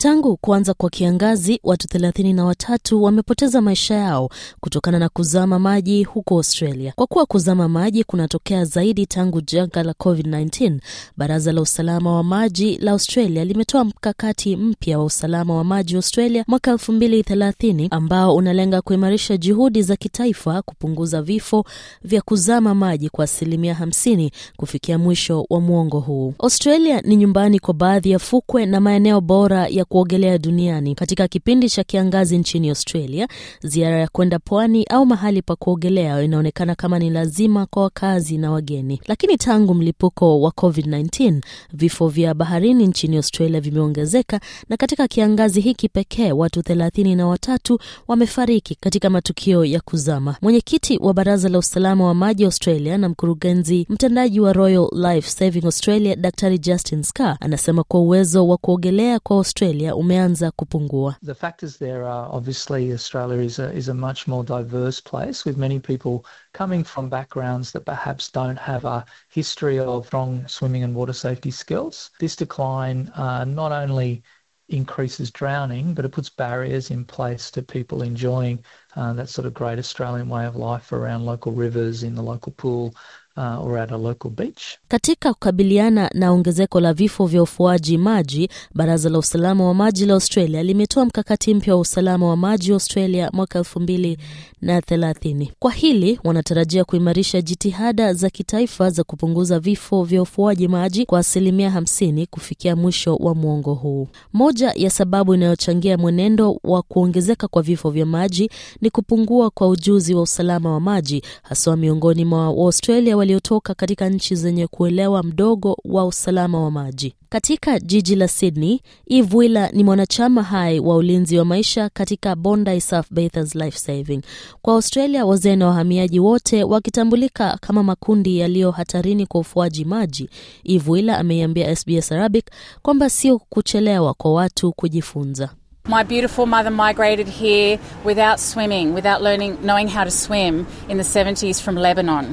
Tangu kuanza kwa kiangazi, watu thelathini na watatu wamepoteza maisha yao kutokana na kuzama maji huko Australia. Kwa kuwa kuzama maji kunatokea zaidi tangu janga la COVID-19, baraza la usalama wa maji la Australia limetoa mkakati mpya wa usalama wa maji Australia mwaka elfu thelathini ambao unalenga kuimarisha juhudi za kitaifa kupunguza vifo vya kuzama maji kwa asilimia hamsini kufikia mwisho wa mwongo huu. Australia ni nyumbani kwa baadhi ya fukwe na maeneo bora ya kuogelea duniani katika kipindi cha kiangazi nchini Australia, ziara ya kwenda pwani au mahali pa kuogelea inaonekana kama ni lazima kwa wakazi na wageni. Lakini tangu mlipuko wa COVID-19, vifo vya baharini nchini Australia vimeongezeka, na katika kiangazi hiki pekee watu thelathini na watatu wamefariki katika matukio ya kuzama. Mwenyekiti wa Baraza la Usalama wa Maji Australia na mkurugenzi mtendaji wa Royal Life Saving Australia, Daktari Justin Scar anasema kwa uwezo wa kuogelea kwa Australia Australia umeanza kupungua. The fact is there are obviously Australia is a, is a much more diverse place with many people coming from backgrounds that perhaps don't have a history of strong swimming and water safety skills. This decline uh, not only increases drowning, but it puts barriers in place to people enjoying uh, that sort of great Australian way of life around local rivers, in the local pool, Uh, or at a local beach. Katika kukabiliana na ongezeko la vifo vya ufuaji maji, Baraza la Usalama wa Maji la Australia limetoa mkakati mpya wa usalama wa maji Australia mwaka elfu mbili na thelathini. Kwa hili wanatarajia kuimarisha jitihada za kitaifa za kupunguza vifo vya ufuaji maji kwa asilimia hamsini kufikia mwisho wa mwongo huu. Moja ya sababu inayochangia mwenendo wa kuongezeka kwa vifo vya maji ni kupungua kwa ujuzi wa usalama wa maji, haswa miongoni mwa wa waliotoka katika nchi zenye kuelewa mdogo wa usalama wa maji. Katika jiji la Sydney, Eve ni mwanachama hai wa ulinzi wa maisha katika Bondi Life Saving. Kwa Australia, wazee na wahamiaji wote wakitambulika kama makundi yaliyo hatarini kwa ufuaji maji. Eve Wheeler ameiambia SBS Arabic kwamba sio kuchelewa kwa watu kujifunza. My beautiful mother migrated here without swimming, without learning, knowing how to swim in the 70s from Lebanon.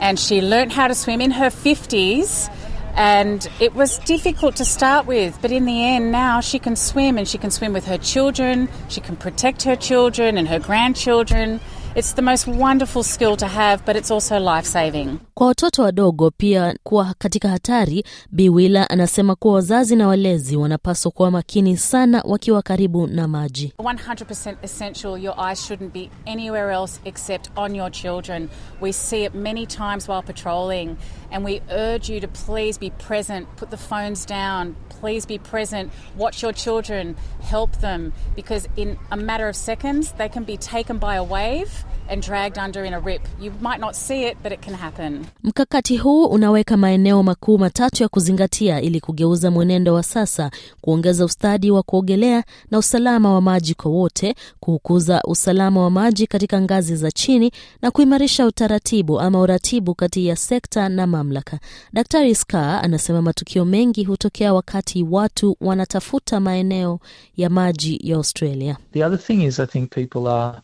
and she learnt how to swim in her 50s. And it was difficult to start with, but in the end, now she can swim and she can swim with her children, she can protect her children and her grandchildren. It's the most wonderful skill to have, but it's also life-saving. Kwa watoto wadogo pia kuwa katika hatari, Biwila anasema kuwa wazazi na walezi wanapaswa kuwa makini sana wakiwa karibu na maji. 100% essential your eyes shouldn't be anywhere else except on your children. We see it many times while patrolling and we urge you to please be present, put the phones down, please be present, watch your children, help them because in a matter of seconds they can be taken by a wave and dragged under in a rip. You might not see it, but it can happen. Mkakati huu unaweka maeneo makuu matatu ya kuzingatia ili kugeuza mwenendo wa sasa, kuongeza ustadi wa kuogelea na usalama wa maji kwa wote, kuukuza usalama wa maji katika ngazi za chini na kuimarisha utaratibu ama uratibu kati ya sekta na mamlaka. Daktari Scar anasema matukio mengi hutokea wakati watu wanatafuta maeneo ya maji ya Australia. The other thing is I think people are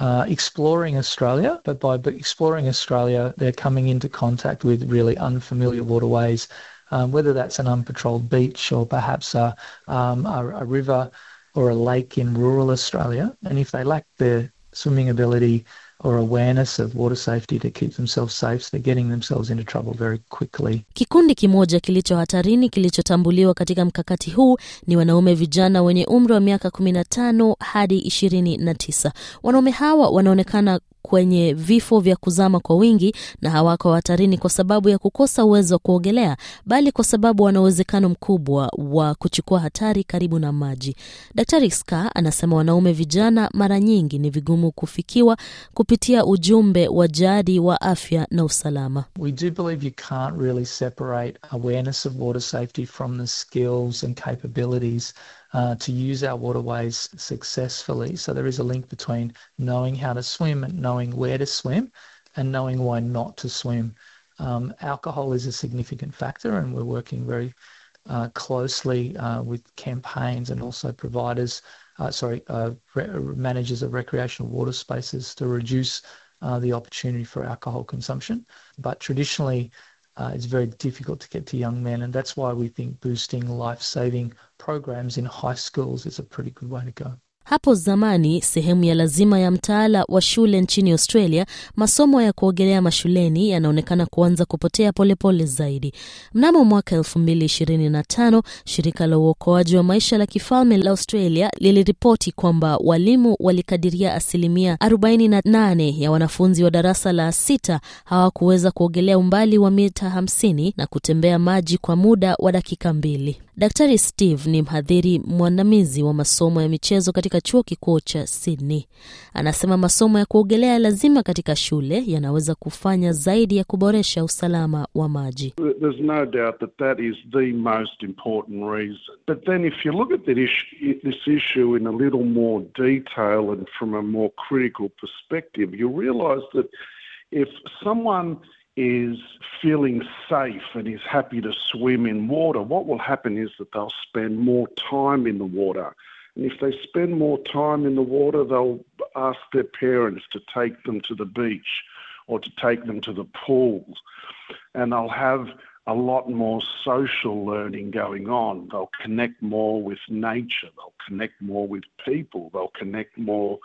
Uh, exploring Australia, but by exploring Australia, they're coming into contact with really unfamiliar waterways, um, whether that's an unpatrolled beach or perhaps a, um, a, a, river or a lake in rural Australia. And if they lack the swimming ability, or awareness of water safety to keep themselves safe. They're getting themselves into trouble very quickly. Kikundi kimoja kilicho hatarini kilichotambuliwa katika mkakati huu ni wanaume vijana wenye umri wa miaka 15 hadi 29. Wanaume hawa wanaonekana kwenye vifo vya kuzama kwa wingi na hawako hatarini kwa sababu ya kukosa uwezo wa kuogelea, bali kwa sababu wana uwezekano mkubwa wa kuchukua hatari karibu na maji. Daktari Ska anasema wanaume vijana mara nyingi ni vigumu kufikiwa kupitia ujumbe wa jadi wa afya na usalama. We do believe you can't really separate awareness of water safety from the skills and capabilities Uh, to use our waterways successfully. So there is a link between knowing how to swim and knowing where to swim and knowing why not to swim. Um, alcohol is a significant factor, and we're working very uh, closely uh, with campaigns and also providers, uh, sorry, uh, re- managers of recreational water spaces to reduce uh, the opportunity for alcohol consumption. But traditionally, uh, it's very difficult to get to young men, and that's why we think boosting life saving programs in high schools is a pretty good way to go. Hapo zamani, sehemu ya lazima ya mtaala wa shule nchini Australia, masomo ya kuogelea mashuleni yanaonekana kuanza kupotea polepole pole zaidi. Mnamo mwaka 2025, shirika la uokoaji wa maisha la kifalme la Australia liliripoti kwamba walimu walikadiria asilimia 48 ya wanafunzi wa darasa la sita hawakuweza kuogelea umbali wa mita 50 na kutembea maji kwa muda wa dakika mbili. Daktari Steve ni mhadhiri mwandamizi wa masomo ya michezo katika chuo kikuu cha Sydney. Anasema masomo ya kuogelea lazima katika shule yanaweza kufanya zaidi ya kuboresha usalama wa maji. There's no doubt that that is the most important reason. But then if you look at this issue in a little more detail and from a more critical perspective, you that if someone is feeling safe and is happy to swim in water, what will happen is that they'll spend more time in the water. And if they spend more time in the water, they'll ask their parents to take them to the beach or to take them to the pool. And they'll have a lot more social learning going on. They'll connect more with nature, they'll connect more with people, they'll connect more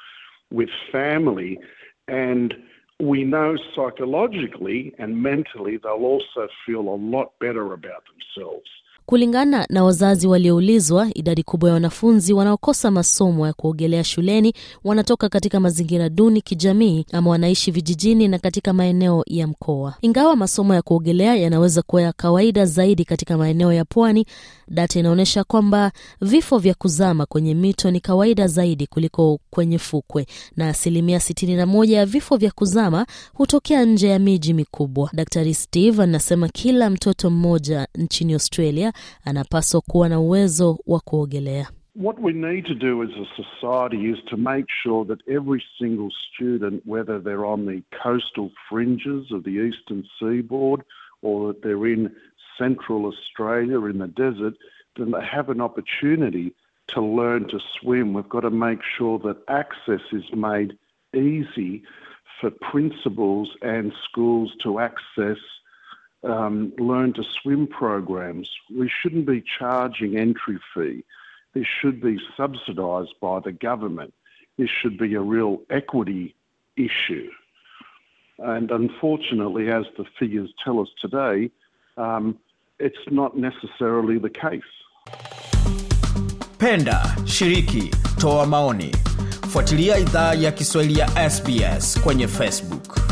with family. And we know psychologically and mentally they'll also feel a lot better about themselves. Kulingana na wazazi walioulizwa, idadi kubwa ya wanafunzi wanaokosa masomo ya kuogelea shuleni wanatoka katika mazingira duni kijamii ama wanaishi vijijini na katika maeneo ya mkoa. Ingawa masomo ya kuogelea yanaweza kuwa ya kawaida zaidi katika maeneo ya pwani, data inaonyesha kwamba vifo vya kuzama kwenye mito ni kawaida zaidi kuliko kwenye fukwe, na asilimia 61 ya vifo vya kuzama hutokea nje ya miji mikubwa. Daktari Steve anasema kila mtoto mmoja nchini Australia anapaswa kuwa na uwezo wa kuogelea. What we need to do as a society is to make sure that every single student, whether they're on the coastal fringes of the eastern seaboard or that they're in central Australia in the desert, then they have an opportunity to learn to swim. We've got to make sure that access is made easy for principals and schools to access um, learn to swim programs. We shouldn't be charging entry fee. This should be subsidised by the government. This should be a real equity issue. And unfortunately, as the figures tell us today, um, it's not necessarily the case. Penda, shiriki, toa maoni. Fuatilia idhaa ya Kiswahili ya SBS kwenye Facebook.